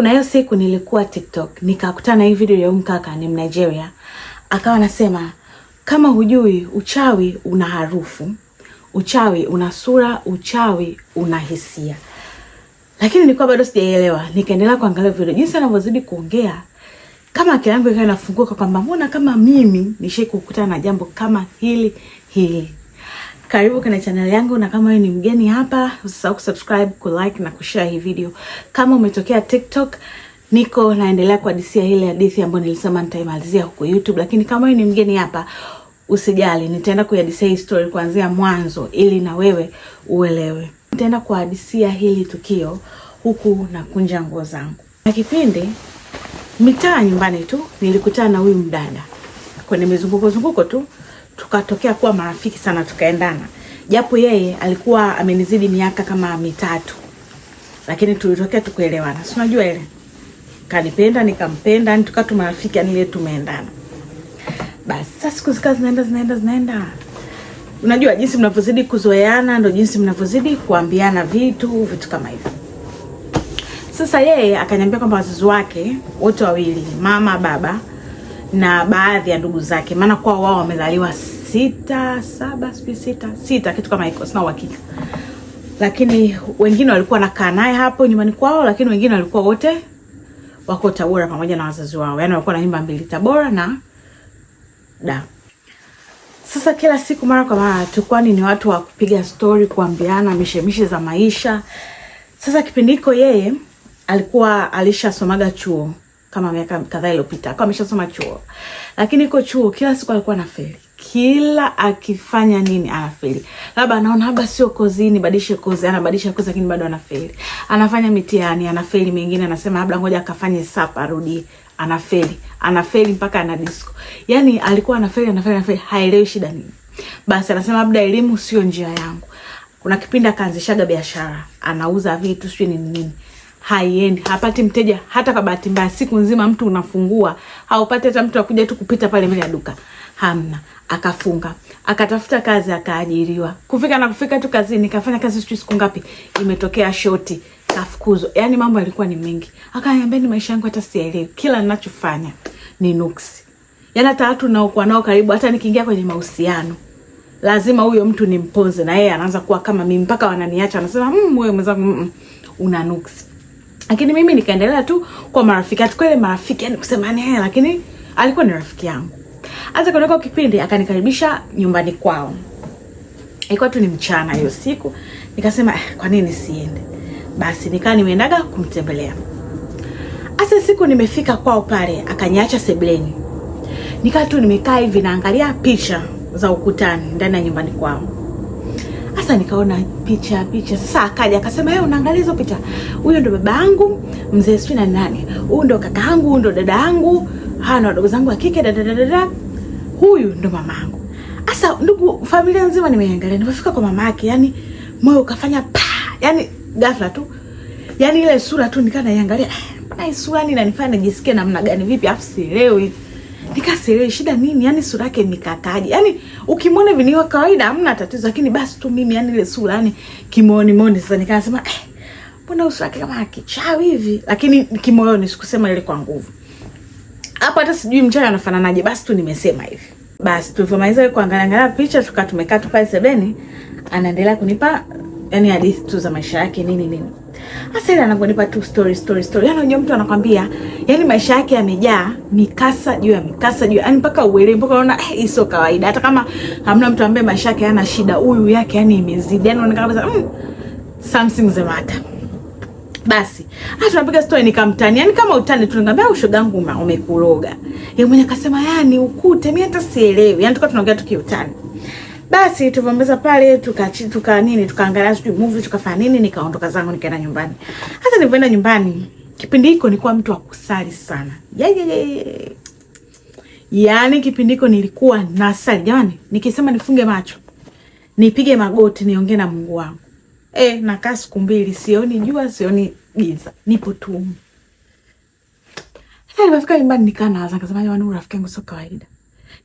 Kuna hiyo siku nilikuwa TikTok nikakutana na hii video ya mkaka ni Mnigeria, akawa anasema kama hujui uchawi una harufu, uchawi una sura, uchawi una hisia. Lakini nilikuwa bado sijaelewa, nikaendelea kuangalia video. Jinsi anavyozidi kuongea kama akili yangu ikawa inafunguka kwamba mbona kama mimi nishai kukutana na jambo kama hili hili. Karibu kwenye channel yangu, na kama wewe ni mgeni hapa, usisahau kusubscribe, kulike na kushare hii video. Kama umetokea TikTok, niko naendelea kuhadithia ile hadithi ambayo nilisema nitaimalizia huko YouTube, lakini kama wewe ni mgeni hapa usijali, nitaenda kuhadithia hii story kuanzia mwanzo ili na wewe uelewe. Nitaenda kuhadithia hili tukio huku na kunja nguo zangu. Na kipindi mitaa nyumbani tu nilikutana na huyu mdada kwenye mizunguko zunguko tu tukatokea kuwa marafiki sana, tukaendana, japo yeye alikuwa amenizidi miaka kama mitatu, lakini tulitokea tukuelewana, si unajua ile kanipenda nikampenda, yani tukatu marafiki, yani ile tumeendana. Basi sasa siku zikawa zinaenda zinaenda zinaenda, unajua jinsi mnavyozidi kuzoeana ndo jinsi mnavyozidi kuambiana vitu vitu kama hivyo. Sasa yeye akaniambia kwamba wazazi wake wote wawili, mama baba na baadhi ya ndugu zake, maana kwao wao wamezaliwa sita saba sijui sita sita kitu kama hiko, sina uhakika, lakini wengine walikuwa nakaa naye hapo nyumbani kwao, lakini wengine walikuwa wote wako Tabora pamoja na wazazi wao, yaani walikuwa na nyumba mbili Tabora na da. Sasa kila siku mara kwa mara tulikuwa ni watu wa kupiga stori, kuambiana mishemishe za maisha. Sasa kipindi hiko yeye alikuwa alishasomaga chuo kama miaka kadhaa iliyopita, kwa ameshasoma chuo, lakini iko chuo kila siku alikuwa anafeli kila akifanya nini anafeli. Labda anaona labda sio kozi, nibadilishe kozi, anabadilisha kozi, lakini bado anafeli. Anafanya mitihani anafeli, mingine anasema labda ngoja akafanye SAP arudi, anafeli, anafeli mpaka ana disco. Yani alikuwa anafeli, anafeli, anafeli, haelewi shida nini. Basi anasema labda elimu sio njia yangu. Kuna kipindi akaanzishaga biashara, anauza vitu sio nini nini haiendi, hapati mteja hata kwa bahati mbaya. Siku nzima mtu unafungua haupati hata mtu akuja tu kupita pale mbele ya duka, hamna. Akafunga, akatafuta kazi, akaajiriwa. Kufika na kufika tu kazini, kafanya kazi sijui siku ngapi, imetokea shoti, kafukuzwa. Yani mambo yalikuwa ni mengi. Akaniambia ni yaani maisha yangu hata sielewi, kila ninachofanya ni nuksi. Yani hata watu naokuwa nao karibu, hata nikiingia kwenye mahusiano lazima huyo mtu nimponze, na yeye anaanza kuwa kama mimi, mpaka wananiacha, anasema mmm, wewe mwenzangu, mm, mm. una nuksi. Lakini mimi nikaendelea tu kwa marafiki kweli marafiki, yani kusemani hela, lakini alikuwa ni rafiki yangu. Hata kuondoka kipindi akanikaribisha nyumbani kwao. Ilikuwa tu ni mchana hiyo siku, nikasema eh, kwa nini siende? Basi nikaa nimeendaga kumtembelea. Hasa siku nimefika kwao pale, akaniacha sebleni. Nikaa tu nimekaa hivi naangalia picha za ukutani ndani ya nyumbani kwao. Sasa nikaona picha picha. Sasa akaja akasema, wewe eh, unaangalia hizo picha, huyo ndo baba yangu mzee sio na nani, huyu ndo kaka yangu, huyu ndo dada yangu, hawa na wadogo zangu wa kike, da, huyu ndo mama yangu. Sasa ndugu, familia nzima nimeangalia. Nilipofika kwa mama yake, yani moyo ukafanya pa, yani ghafla tu, yani ile sura tu nikaa naiangalia, mbona eh, hii sura yani inanifanya nijisikie namna gani, vipi afu sielewi Nikasielewi shida nini? yani sura yake mikakaji. Yani ukimwona hivi ni kawaida hamna tatizo, lakini basi tu mimi yani ile sura yani kimoni moni sasa nikasema eh, mbona sura yake kama kichawi hivi? Lakini kimoyoni sikusema ile kwa nguvu. Hapo hata sijui mchana anafananaje, basi tu nimesema hivi. Basi tulivyomaliza kuangalia angalia picha tukaa tumekaa tu pale sebeni, anaendelea kunipa yani hadithi tu za maisha yake nini nini. Hasa ile anavyonipa tu story story story. Yaani unajua mtu anakwambia, yaani maisha yake yamejaa mikasa juu ya mikasa juu. Yaani mpaka uelewe mpaka unaona eh, sio kawaida. Hata kama hamna mtu ambaye maisha yake yana shida, huyu yake yani imezidi. Yaani unaona kabisa mm, something's the matter. Basi, hata tunapiga story nikamtani. Yaani kama utani tu ningambia au ah, shoga yangu umekuroga. Yeye mwenye akasema yani ukute mimi hata sielewi. Yaani tukawa tunaongea tukiutani. Basi tuvombeza pale tukachi tuka nini tukaangalia sijui movie tukafanya nini, nikaondoka zangu nikaenda nyumbani. Hata nilipoenda nyumbani kipindi hiko nilikuwa mtu wa kusali sana. Yeah, yeah, yeah. Yaani kipindi hiko nilikuwa nasali jamani, nikisema nifunge macho nipige magoti niongee na Mungu wangu. Eh, nakaa siku mbili sioni jua sioni giza, nipo tu. Hata nilipofika nyumbani nikaa nawaza, nikasema jamani, rafiki yangu sio kawaida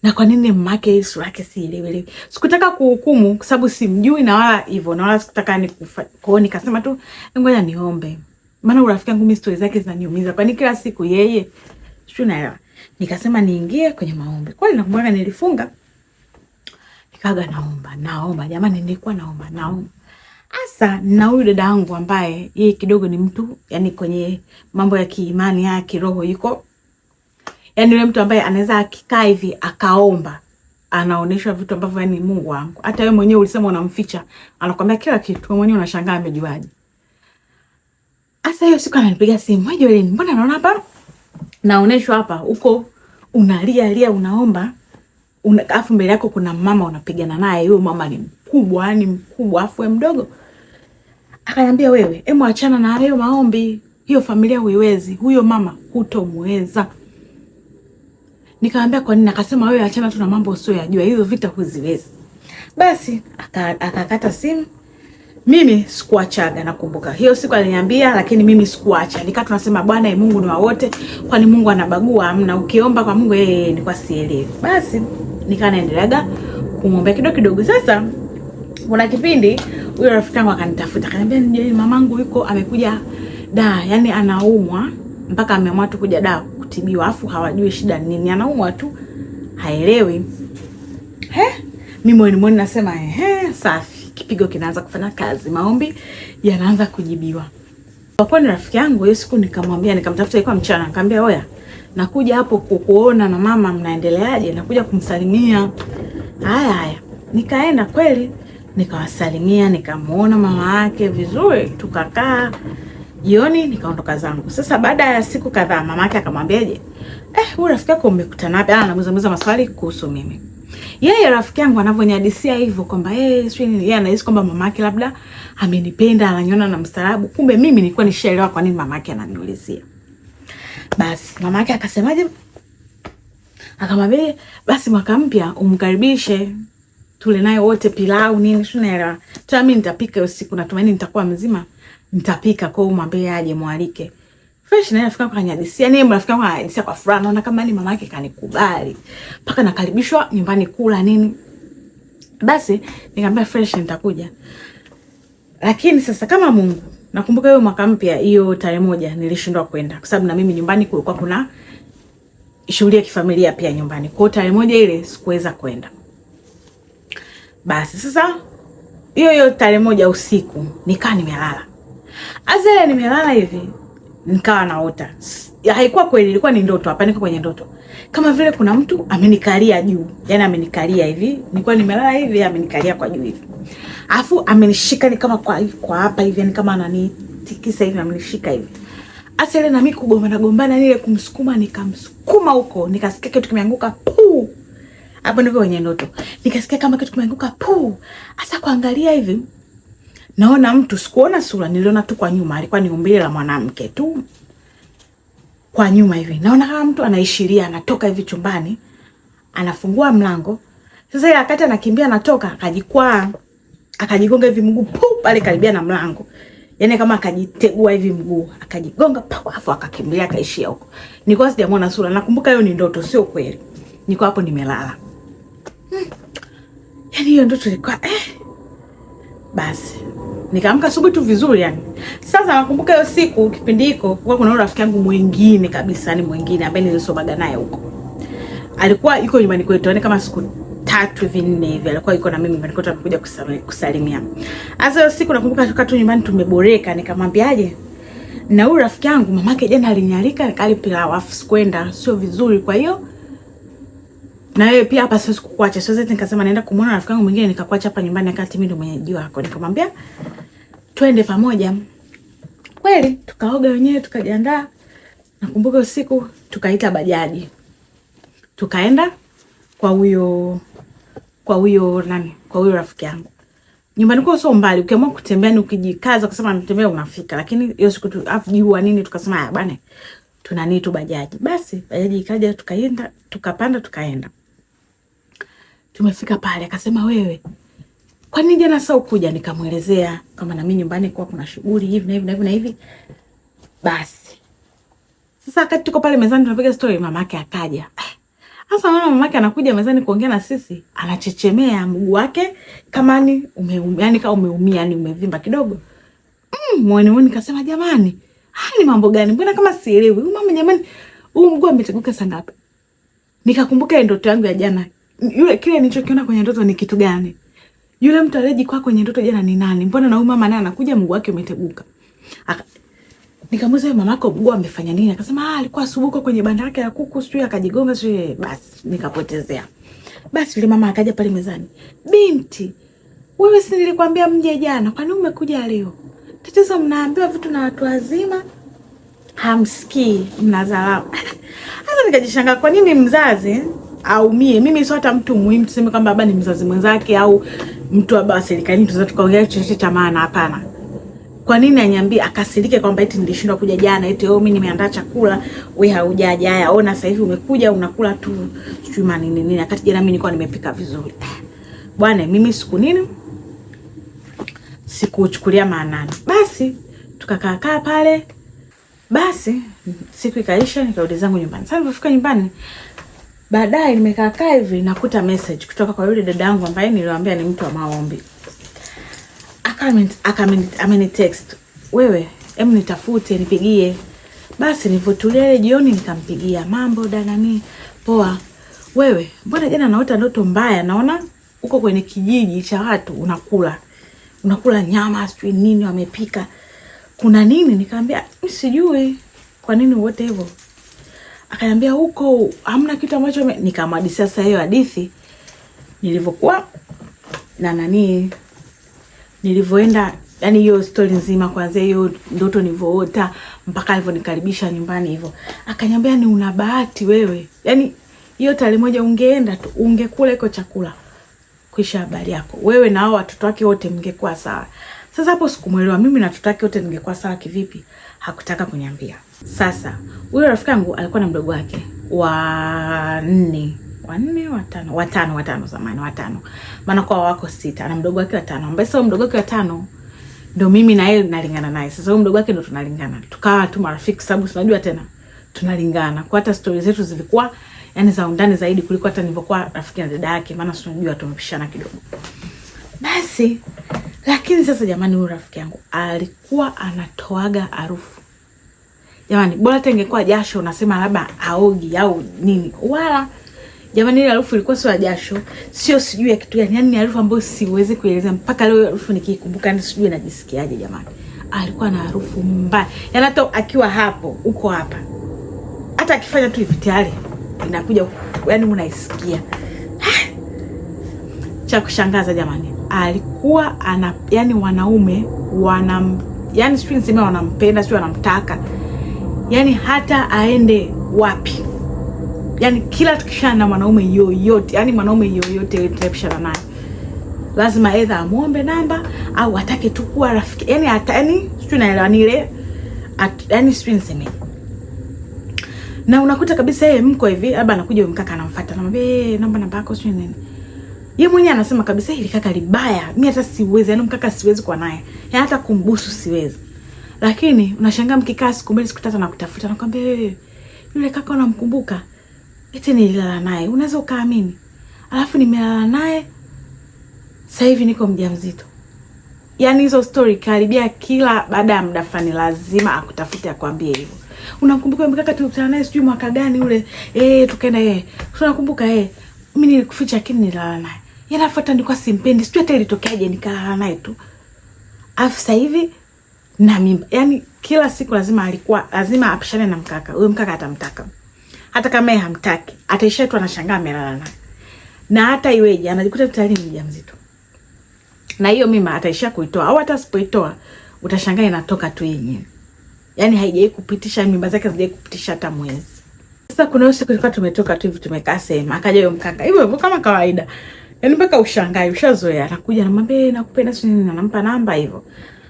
na kwa nini mmake hii sura yake sielewelewi. Sikutaka kuhukumu kwa sababu simjui na wala hivyo na wala sikutaka ni Kwa hiyo nikasema tu ngoja niombe, maana urafiki wangu mimi stori zake zinaniumiza, kwani kila siku yeye sio naelewa. Nikasema niingie kwenye maombi kweli, nakumbuka nilifunga nikaga naomba naomba, jamani, nilikuwa naomba naomba hasa na huyu dada yangu ambaye yeye kidogo ni mtu yani, kwenye mambo ya kiimani ya kiroho yuko yani yule mtu ambaye anaweza akikaa hivi akaomba anaonyeshwa vitu ambavyo yani, Mungu wangu, hata wewe mwenyewe ulisema unamficha, anakuambia kila kitu, wewe mwenyewe unashangaa amejuaje. Sasa hiyo siku ananipiga simu, wewe Joel, mbona naona hapa naonyeshwa hapa huko unalia lia unaomba una, afu mbele yako kuna mama unapigana naye, huyo mama ni mkubwa, yani mkubwa, afu wewe mdogo. Akaniambia wewe, hebu achana na hayo maombi, hiyo familia huiwezi, huyo mama hutomweza. Nikamwambia kwa nini? Akasema wewe achana tu na mambo usiyojua, hizo vita huziwezi. Basi akakata simu. Mimi sikuachaga, nakumbuka hiyo siku aliniambia, lakini mimi sikuacha. Nikaa tunasema Bwana eh, Mungu ni wa wote, kwani Mungu anabagua? Amna, ukiomba kwa Mungu yeye ni kwa sielewi. Basi nikaa naendeleaga kumwombea kidogo kidogo. Sasa kuna kipindi huyo rafiki yangu akanitafuta, akaniambia mamangu yuko amekuja da, yani anaumwa mpaka ameamua tu kuja da kutibiwa, afu hawajui shida ni nini, anaumwa tu haelewi. He, mimi moyoni mwangu nasema ehe, safi, kipigo kinaanza kufanya kazi, maombi yanaanza kujibiwa. Kwa kuwa rafiki yangu, hiyo siku nikamwambia, nikamtafuta, ilikuwa mchana, nikamwambia oya, nakuja hapo kukuona na mama, mnaendeleaje? Nakuja kumsalimia. Haya haya, nikaenda kweli, nikawasalimia, nikamuona mama yake vizuri, tukakaa Jioni nikaondoka zangu. Sasa baada ya siku kadhaa mamake akamwambia je, eh, huyu rafiki yako umekutana wapi? Ah, anamuuliza muuliza maswali kuhusu mimi. Yeye rafiki yangu anavyonihadisia hivyo kwamba yeye eh, sio nini, yeye anahisi kwamba mamake labda amenipenda, ananiona na mstaarabu. Kumbe mimi nilikuwa nishaelewa kwa nini mamake ananiulizia. Basi mamake akasemaje? Akamwambia basi mwaka mpya umkaribishe tule naye wote pilau nini, sio tunaelewa. Tutaamini nitapika usiku, natumaini nitakuwa mzima nitapika kwa umwambie aje mwalike. Fresh na rafiki kwa nyadisia, yani rafiki yako anihadisia kwa furaha, naona kama ni mama yake kanikubali. Paka nakaribishwa nyumbani kula nini. Basi nikamwambia Fresh nitakuja. Lakini sasa kama Mungu, nakumbuka hiyo mwaka mpya hiyo tarehe moja nilishindwa kwenda kwa sababu na mimi nyumbani kulikuwa kuna shughuli ya kifamilia pia nyumbani. Kwa hiyo tarehe moja ile sikuweza kwenda. Basi sasa hiyo hiyo tarehe moja usiku nikaa nimelala. Azele nimelala hivi nikawa naota. Haikuwa kweli, ilikuwa ni ndoto. Hapa niko kwenye ndoto, kama vile kuna mtu amenikalia juu, yani amenikalia hivi. Nilikuwa nimelala hivi, amenikalia kwa juu hivi, afu amenishika ni kama kwa kwa hapa hivi, yani kama ananitikisa hivi, amenishika hivi. Asele na mimi kugombana gombana, nile kumsukuma, nikamsukuma huko, nikasikia kitu kimeanguka puu. Hapo niko kwenye ndoto, nikasikia kama kitu kimeanguka puu. Asa kuangalia hivi naona mtu, sikuona sura, niliona tu kwa nyuma, alikuwa ni umbile la mwanamke tu kwa nyuma hivi, naona kama mtu anaishiria, anatoka hivi chumbani, anafungua mlango. Sasa ile akati anakimbia anatoka, akajikwaa, akajigonga hivi mguu pu pale karibia na mlango, yani kama akajitegua hivi mguu, akajigonga pa, afu akakimbia, akaishia huko. Nilikuwa sijamwona sura, nakumbuka hiyo ni ndoto, sio kweli. Niko hapo nimelala, hmm. yani hiyo ndoto ilikuwa eh basi nikaamka asubuhi tu vizuri yani. Sasa nakumbuka hiyo siku kipindi hiko kulikuwa kuna rafiki yangu mwingine kabisa, ni mwingine ambaye nilisomaga naye huko. Alikuwa yuko nyumbani kwetu, yani kama siku tatu hivi nne hivi alikuwa yuko na mimi nyumbani kwetu amekuja kusalimia. Sasa hiyo siku nakumbuka tukaa tu nyumbani tumeboreka, nikamwambiaje na huyu rafiki yangu mamake jana alinialika nikali pilau afu sikwenda, sio vizuri kwa hiyo na wewe pia hapa siwezi kukuacha. Siwezi nikasema naenda kumuona rafiki yangu mwingine nikakuacha hapa nyumbani akati mimi ndo mwenyeji wako. Nikamwambia twende pamoja. Kweli tukaoga wenyewe tukajiandaa. Nakumbuka usiku tukaita bajaji. Tukaenda kwa huyo kwa huyo nani? Kwa huyo rafiki yangu. Nyumbani kwao sio mbali. Ukiamua kutembea ni ukijikaza kusema natembea unafika. Lakini hiyo siku tu afu jua nini tukasema bwana tuna nini tu bajaji. Basi bajaji ikaja tukaenda tukapanda tukaenda. Tumefika pale akasema wewe kwa nini jana sasa ukuja? Nikamwelezea kama na mimi nyumbani kwa kuna shughuli hivi na hivi na hivi na hivi. Basi sasa wakati tuko pale mezani tunapiga story, mama yake akaja. Sasa mama mamake anakuja mezani kuongea na sisi, anachechemea mguu wake kama ni umeumia, yani kama umeumia, yani umevimba kidogo. Mm, mwone mwone kasema jamani, haya ni mambo gani? Mbona kama sielewi. Huyu mama jamani, huu mguu ameteguka sana hapa. Nikakumbuka ndoto yangu ya jana yule kile nilichokiona kwenye ndoto ni kitu gani? Yule mtu aliyejikwaa kwenye ndoto jana ni nani? Mbona na huyu mama naye anakuja mguu wake umetebuka? Nikamuuliza mamako mguu amefanya nini? Akasema ah, alikuwa asubuhi kwenye banda lake la kuku, sijui akajigonga, sijui basi nikapotezea. Basi yule mama akaja pale mezani. Binti, wewe si nilikwambia mje jana, kwani umekuja leo? Tatizo mnaambiwa vitu na watu wazima hamsikii, mnazalau. Sasa nikajishanga kwa nini mzazi aumie. Mimi sio hata mtu muhimu tuseme kwamba labda ni mzazi mwenzake au mtu labda wa serikalini, tunaweza tukaongea chochote cha maana. Hapana. Kwa nini anyambie akasirike kwamba eti nilishindwa kuja jana, eti wewe oh, mimi nimeandaa chakula wewe haujaja, haya ona sasa hivi umekuja unakula tu sijui nini nini, wakati jana mimi nilikuwa nimepika vizuri. Bwana, mimi siku nini sikuchukulia maanani. Basi tukakaa pale, basi siku ikaisha, nikarudi zangu nyumbani. Sasa nilipofika nyumbani Baadaye nimekaa kaa hivi nakuta message kutoka kwa yule dada yangu ambaye niliwaambia ni mtu wa maombi. Akamen akamen ameni text. wewe em, nitafute nipigie. Basi nilivotulia ile jioni nikampigia, mambo da nani, poa. Wewe mbona jana naota ndoto mbaya, naona uko kwenye kijiji cha watu unakula unakula nyama sijui nini wamepika, kuna nini? Nikamwambia sijui kwa nini wote hivyo Akaniambia huko hamna kitu ambacho nikamhadithia sasa hiyo hadithi nilivyokuwa na nani, nilivyoenda yani hiyo stori nzima, kwanzia hiyo ndoto nilivyoota mpaka alivyonikaribisha nyumbani hivyo. Akaniambia ni una bahati wewe, yani hiyo tarehe moja ungeenda tu ungekula iko chakula kisha habari yako wewe na hao watoto wake wote mngekuwa sawa. Sasa hapo sikumwelewa mimi na watoto wake wote ningekuwa sawa kivipi? Hakutaka kuniambia. Sasa huyo rafiki yangu alikuwa na mdogo wake wa nne wanne watano watano watano zamani watano, maana kwa wako sita, na mdogo wake watano, ambaye sasa mdogo wake watano ndo mimi na yeye nalingana naye. Sasa huyo mdogo wake ndo tunalingana, tukawa tu marafiki, sababu tunajua tena tunalingana kwa hata stori zetu zilikuwa yani za undani zaidi kuliko hata nilivyokuwa rafiki na dada yake, maana tunajua tumepishana kidogo basi. Lakini sasa jamani, huyo rafiki yangu alikuwa anatoaga harufu Jamani, bora hata ingekuwa jasho unasema labda aogi au nini, wala jamani, ile harufu ilikuwa sio ya jasho, sio sijui ya kitu gani, yani ni harufu ambayo siwezi kueleza mpaka leo. Harufu nikikumbuka ni yaani sijui najisikiaje. Jamani, alikuwa na harufu mbaya, yani hata akiwa hapo uko hapa, hata akifanya tu hivi tayari inakuja, yani unaisikia cha kushangaza jamani, alikuwa ana yani wanaume wanam, yani sijui niseme wanampenda sijui wanamtaka yani hata aende wapi, yani kila tukishana na mwanaume yoyote, yani mwanaume yoyote tunapishana naye lazima aidha amwombe namba au atake tu kuwa rafiki, yani hata yani sijui naelewa ile yani sijui nisemeje na unakuta kabisa yeye mko hivi, labda anakuja huyo mkaka anamfuata, anamwambia eh, namba namba yako sio nini. Yeye mwenyewe anasema kabisa hili kaka libaya, mimi hata siwezi, yani mkaka siwezi kuwa naye, yaani hata kumbusu siwezi. Lakini unashangaa mkikaa siku mbili siku tatu nakutafuta, nakwambia wewe, yule kaka unamkumbuka? Eti nililala naye, unaweza ukaamini? Alafu nimelala naye sasa hivi niko mjamzito. Yaani hizo story karibia kila baada ya muda fulani lazima akutafute akwambie hivyo. Unamkumbuka mkaka tulikutana naye sijui mwaka gani ule? Eh, tukaenda eh. Tunakumbuka eh. Mimi nilikuficha lakini nilala naye. Yanafuata nilikuwa simpendi, sijui hata ilitokeaje nikalala naye tu. Afu sasa hivi na mimba. Yani kila siku lazima alikuwa lazima apishane na mkaka. Huyo mkaka atamtaka. Hata kama yeye hamtaki, ataisha tu anashangaa amelala naye. Na hata iweje anajikuta tayari mjamzito. Na hiyo mimba ataisha kuitoa au hata asipoitoa utashangaa inatoka tu yenyewe. Yaani haijai kupitisha mimba zake hazijai kupitisha hata mwezi. Sasa kuna usiku tulikuwa tumetoka tu hivi tumekaa sehemu, akaja yule mkaka. Hivyo hivyo kama kawaida. Yaani mpaka ushangae, ushazoea. Anakuja anamwambia eh, nakupenda, sio nini, anampa namba hivyo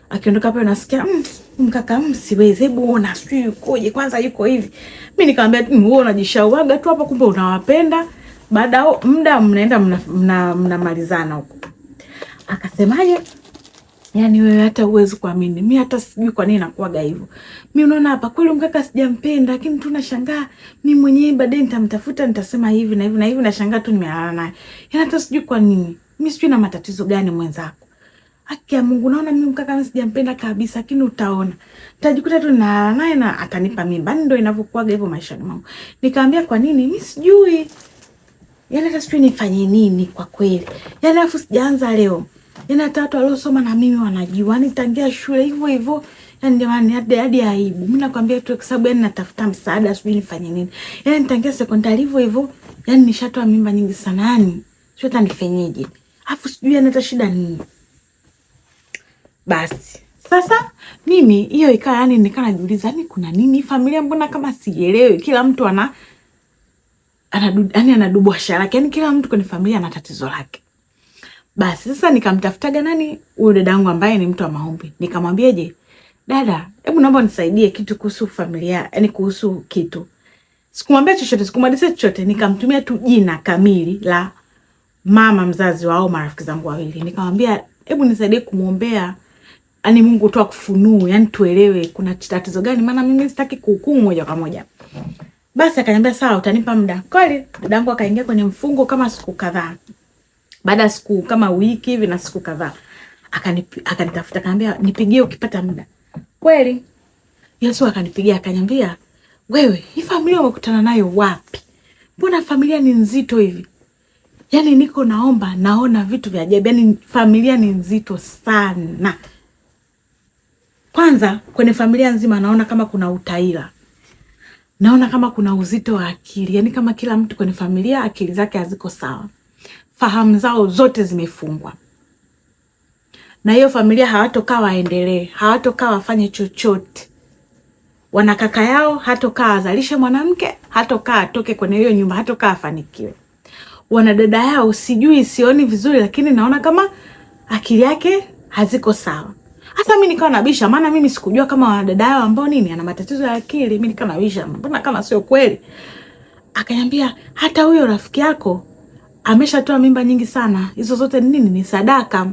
akiondoka pale unasikia mm, mkaka mm, siwezi, hebu ona sijui yukoje, kwanza yuko hivi. Mimi nikamwambia mm, wewe unajishauaga tu hapa, kumbe unawapenda. Baada ya muda mnaenda mnamalizana mna huko. Akasemaje? Yaani wewe hata uwezi kuamini. Mimi hata sijui kwa nini nakuaga hivyo. Mimi unaona hapa kweli mkaka sijampenda, lakini tu nashangaa mimi mwenyewe baadaye nitamtafuta nitasema hivi na hivi na hivi, nashangaa tu nimeana naye. Yaani hata sijui kwa nini. Mimi sijui na matatizo gani mwenzako. Aki ya Mungu, naona mimi mkaka sijampenda kabisa, lakini utaona tajikuta tu na naye na atanipa mimba. Yaani ndio inavyokuwaga hivyo maishani mwangu. Nikamwambia kwa nini, mimi sijui yani, hata sijui nifanye nini kwa kweli yani, afu sijaanza leo yani, hata watu waliosoma na mimi wanajua yani, tangia shule hivyo hivyo yani, ndio maana hadi hadi aibu. Mimi nakwambia tu, kwa sababu yani natafuta msaada, sijui nifanye nini yani, nitangia sekondari hivyo hivyo yani, nishatoa mimba nyingi sana yani, sio hata nifanyeje, afu sijui yani hata shida nini basi sasa mimi hiyo ikawa yani, nikawa najiuliza yani, kuna nini familia, mbona kama sielewi, kila mtu ana anadu, yani anadubwasha lake, yani kila mtu kwenye familia ana tatizo lake. Basi sasa nikamtafutaga nani huyo dadangu ambaye ni mtu wa maombi, nikamwambia je, dada, hebu naomba nisaidie kitu kuhusu familia, yani kuhusu kitu. Sikumwambia chochote, sikumwelezea chochote, nikamtumia tu jina kamili la mama mzazi wao marafiki zangu wawili, nikamwambia hebu nisaidie kumwombea yani Mungu tu akufunue, yani tuelewe kuna tatizo gani, maana mimi sitaki kuhukumu moja kwa moja. Basi akaniambia sawa, utanipa muda. Kweli dadangu akaingia kwenye mfungo kama siku kadhaa, baada ya siku kama wiki hivi na siku kadhaa akanitafuta, akaniambia nipigie ukipata muda. Kweli Yesu akanipigia akaniambia, wewe hii familia umekutana nayo wapi? Mbona familia ni nzito hivi? Yaani niko naomba, naona vitu vya ajabu. Yaani familia ni nzito sana. Kwanza kwenye familia nzima naona kama kuna utaila, naona kama kuna uzito wa akili, yaani kama kila mtu kwenye familia akili zake haziko sawa, fahamu zao zote zimefungwa, na hiyo familia hawatokaa waendelee, hawatokaa wafanye chochote. Wanakaka yao hatokaa azalishe mwanamke, hatokaa atoke kwenye hiyo nyumba, hatokaa afanikiwe. dada yao sijui, sioni vizuri, lakini naona kama akili yake haziko sawa. Hasa mimi nikawa nabisha, maana mimi sikujua kama wanadada yao ambao nini ana matatizo ya akili. Mimi nikawa nabisha, mbona kama sio kweli? Akaniambia hata huyo rafiki yako ameshatoa mimba nyingi sana, hizo zote nini ni sadaka.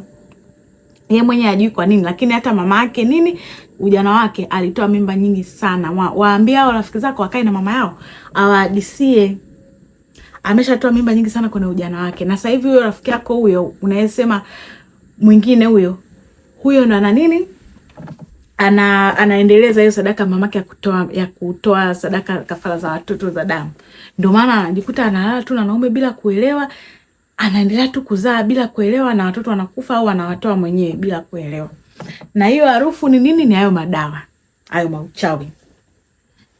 Yeye mwenyewe ajui kwa nini, lakini hata mama yake nini ujana wake alitoa mimba nyingi sana. Wa, waambia hao rafiki zako wakae na mama yao awadisie ameshatoa mimba nyingi sana kwenye ujana wake, na sasa hivi huyo rafiki yako huyo unayesema mwingine huyo huyo ndo ana nini ana anaendeleza hiyo sadaka mamake ya kutoa ya kutoa sadaka kafara za watoto za damu. Ndio maana anajikuta analala tu na naume bila kuelewa, anaendelea tu kuzaa bila kuelewa, na watoto wanakufa au anawatoa mwenyewe bila kuelewa. Na hiyo harufu ni nini? Ni hayo madawa hayo mauchawi.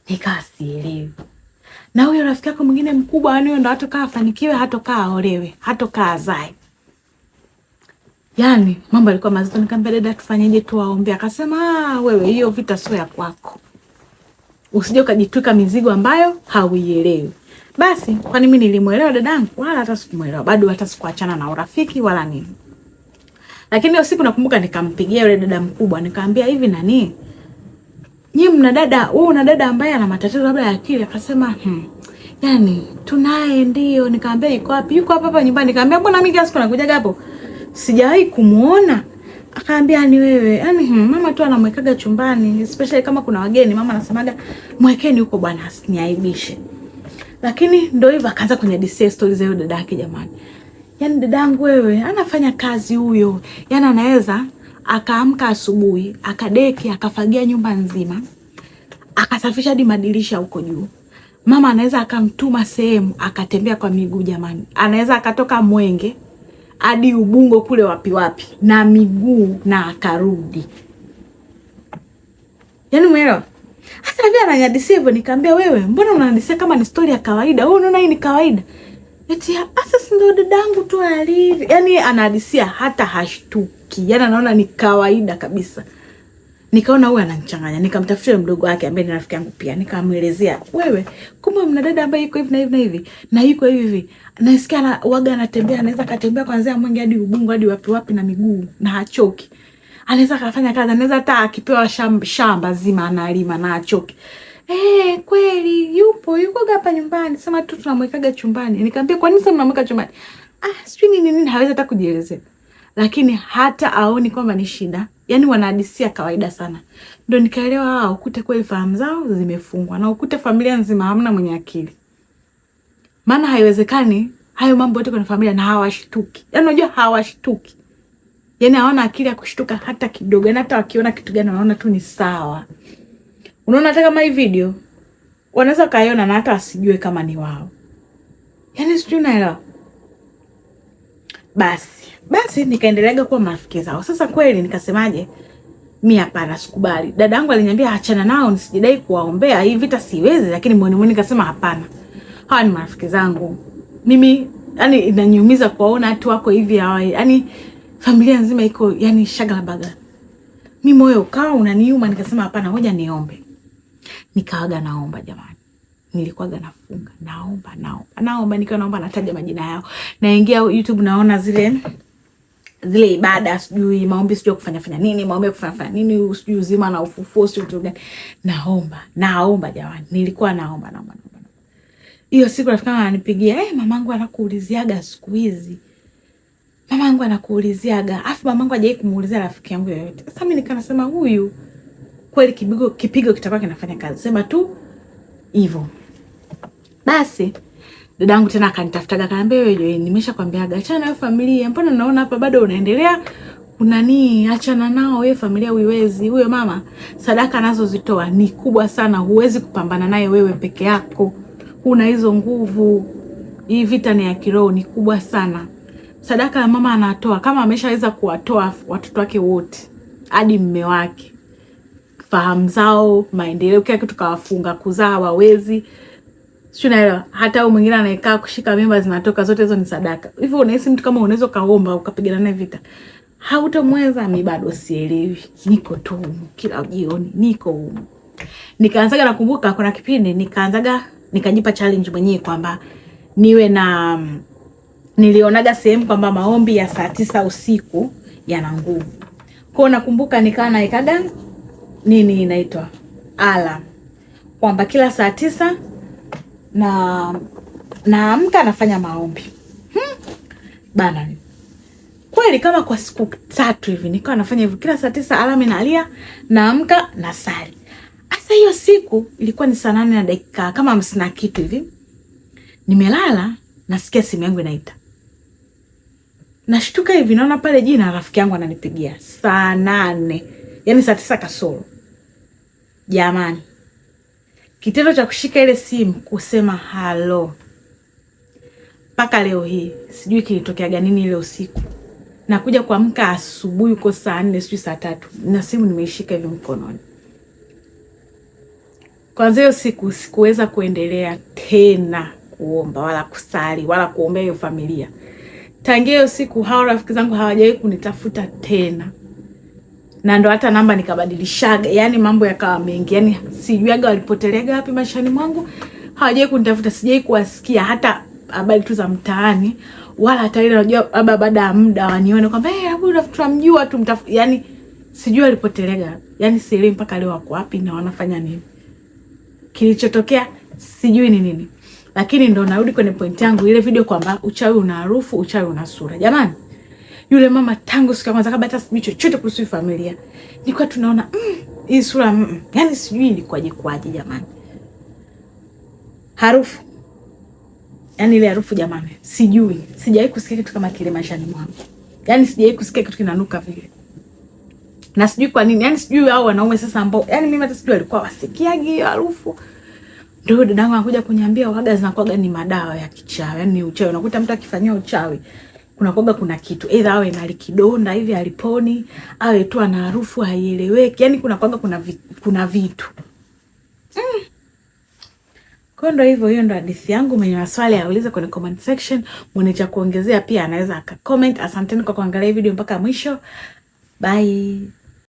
Nikawa sielewi. Na huyo rafiki yako mwingine mkubwa, yani ndo hatokaa afanikiwe, hatokaa aolewe, hatokaa azae yani mambo alikuwa mazito. Nikamwambia dada, tufanyeje? Tuwaombe? Akasema ah, wewe, hiyo vita sio ya kwako, usije ukajitwika mizigo ambayo hauielewi. Basi kwani mimi nilimwelewa dadangu? Wala hata sikumwelewa, bado hata sikuachana na urafiki wala nini. Lakini hiyo siku nakumbuka nikampigia yule dada mkubwa, nikamwambia hivi, nani nyi mna dada wewe, una dada ambaye ana matatizo labda ya akili? Akasema hmm, yani tunaye ndio. Nikamwambia iko wapi? Yuko hapa hapa nyumbani. Nikamwambia mbona mimi kila siku nakujaga hapo sijawahi kumwona. Akaambia ni wewe. Yaani hmm, mama tu anamwekaga chumbani, especially kama kuna wageni, mama anasemaga mwekeni huko bwana asiniaibishe. Lakini ndio hivyo akaanza kunihadithia stories za yule dada yake jamani. Yaani dadangu wewe anafanya kazi huyo. Yaani anaweza akaamka asubuhi, akadeki, akafagia nyumba nzima. Akasafisha hadi madirisha huko juu. Mama anaweza akamtuma sehemu akatembea kwa miguu jamani. Anaweza akatoka Mwenge hadi Ubungo kule wapi wapi na miguu na akarudi. Yaani mwelewa? Hasa hivi ananihadisia hivyo nikamwambia wewe, mbona unanihadisia kama ni story ya kawaida? Wewe unaona hii ni kawaida? Eti hasa si ndio dadangu tu alivi Yaani anahadisia hata hashtuki. Yaani anaona ni kawaida kabisa nikaona huyu ananichanganya, nikamtafutia mdogo wake ambaye ni rafiki yangu pia, nikamwelezea, wewe, kumbe mna dada ambaye yuko hivi na hivi na hivi na yuko hivi hivi, nasikia na waga anatembea, anaweza katembea kuanzia Mwenge hadi Ubungo hadi wapi wapi na miguu na hachoki, anaweza kafanya kazi, anaweza hata akipewa shamba, shamba zima analima na hachoki. Eh, kweli yupo yuko hapa nyumbani, sema tu tunamwekaga chumbani. Nikamwambia kwa nini sasa mnamweka chumbani? Ah, sijui nini nini, hawezi hata kujielezea, lakini hata aoni kwamba ni shida yani wanahadisia kawaida sana. Ndio nikaelewa hao ah, ukute kweli fahamu zao zimefungwa na ukute familia nzima hamna mwenye akili. Maana haiwezekani hayo mambo yote kwenye familia na hawashtuki. Yaani unajua hawashtuki. Yaani hawana akili ya kushtuka hata kidogo. Yaani hata wakiona kitu gani wanaona tu ni sawa. Unaona hata kama hii video wanaweza kaiona na hata asijue kama ni wao. Yaani sijui naelewa. Basi basi nikaendeleaga kuwa marafiki zao. Sasa kweli nikasemaje, mi hapana, sikubali. Dada yangu alinyambia achana nao, nisijidai kuwaombea hii vita, siwezi. Lakini mwoni mwoni nikasema hapana, hawa ni marafiki zangu mimi. Yani inaniumiza kuwaona watu wako hivi hawa, yani familia nzima iko yani shagala baga, mi moyo ukawa unaniuma. Nikasema hapana, ngoja niombe. Nikawaga naomba jamani, nilikuwaga nafunga naomba naomba naomba, nikiwa naomba nataja majina yao, naingia YouTube naona zile zile ibada sijui maombi sijui kufanya fanya nini maombi kufanya fanya nini sijui uzima na ufufuo sijui kitu gani, naomba naomba, jamani, nilikuwa naomba naomba naomba. Hiyo siku rafiki yangu ananipigia, eh, mamangu anakuuliziaga siku hizi, mamangu anakuuliziaga, afu mamangu hajai kumuulizia rafiki yangu yoyote. Sasa mimi nikanasema huyu kweli kipigo, kipigo kitakuwa kinafanya kazi, sema tu hivyo basi dadangu tena akanitafutaga akaambia, wewe nimeshakwambia achana na familia, mbona naona hapa bado unaendelea kuna unanii, achana nao wewe, familia huiwezi. Huyo mama sadaka anazozitoa ni kubwa sana, huwezi kupambana naye wewe peke yako, una hizo nguvu. Hii vita ni ya kiroho, ni kubwa sana. Sadaka ya mama anatoa kama ameshaweza kuwatoa watoto wake wote hadi mme wake fahamu zao maendeleo, kila kitu kawafunga, kuzaa wawezi sio, naelewa. Hata huyu mwingine anayekaa kushika mimba zinatoka zote, hizo ni sadaka. Hivyo unahisi mtu kama unaweza kaomba ukapigana naye vita, hautamweza. Mimi bado sielewi, niko tu kila jioni, niko huko. Nikaanzaga, nakumbuka kuna kipindi nikaanzaga, nikajipa challenge mwenyewe kwamba niwe na nilionaga sehemu kwamba maombi ya saa tisa usiku yana nguvu kwao. Nakumbuka nikaa naikaga nini inaitwa ala, kwamba kila saa tisa na naamka nafanya maombi hmm. Bana kweli, kama kwa siku tatu hivi nikawa nafanya hivyo, kila saa tisa alama inalia, naamka sali. Hasa hiyo siku ilikuwa ni saa nane na dakika kama hamsini na kitu hivi, nimelala nasikia simu yangu inaita, nashtuka hivi naona pale jina rafiki yangu ananipigia saa nane, yani saa tisa kasoro. Jamani, kitendo cha kushika ile simu kusema halo, mpaka leo hii sijui kilitokeaga nini ile usiku. Nakuja kuamka asubuhi uko saa nne sijui saa tatu na simu nimeishika hivi mkononi. Kwanza hiyo siku sikuweza kuendelea tena kuomba wala kusali wala kuombea hiyo familia. Tangia hiyo siku hao rafiki zangu hawajawahi kunitafuta tena na ndo hata namba nikabadilishaga, yani mambo yakawa mengi, yani sijuaga walipoteleaga wapi maishani mwangu. Hawajai kunitafuta, sijai kuwasikia hata habari tu za mtaani, wala hata ile najua labda baada ya muda wanione kwamba eh, hey, labda tunamjua tu mtafu, yani sijui walipoteleaga, yani sielewi mpaka leo wako wapi na wanafanya nini. Kilichotokea sijui ni nini, lakini ndo narudi kwenye pointi yangu ile video kwamba uchawi una harufu, uchawi una sura, jamani yule mama tangu siku ya kwanza kabla hata sijui chochote kuhusu familia, nilikuwa tunaona mm, hii sura mm, mm. yani sijui ilikuwaje kwaje jamani. Harufu yani ile harufu jamani, sijui sijawahi kusikia kitu kama kile maishani mwangu, yani sijawahi kusikia kitu kinanuka vile na sijui kwa nini, yani sijui hao wanaume sasa ambao, yani mimi hata sijui walikuwa wasikiagi hiyo harufu. Ndio dadangu anakuja kuniambia waga zinakuwaga ni madawa ya kichawi, yani ni uchawi. Unakuta mtu akifanyia uchawi kunakwaga kuna kitu aidha awe nalikidonda hivi aliponi, awe tu ana harufu haieleweki, yani kunakwaga kuna, vi, kuna vitu mm. Kwa ndo hivyo, hiyo ndo hadithi yangu. Mwenye maswali aulize kwenye comment section, mwenye cha kuongezea pia anaweza akacomment. Asanteni kwa kuangalia video mpaka mwisho. Bye.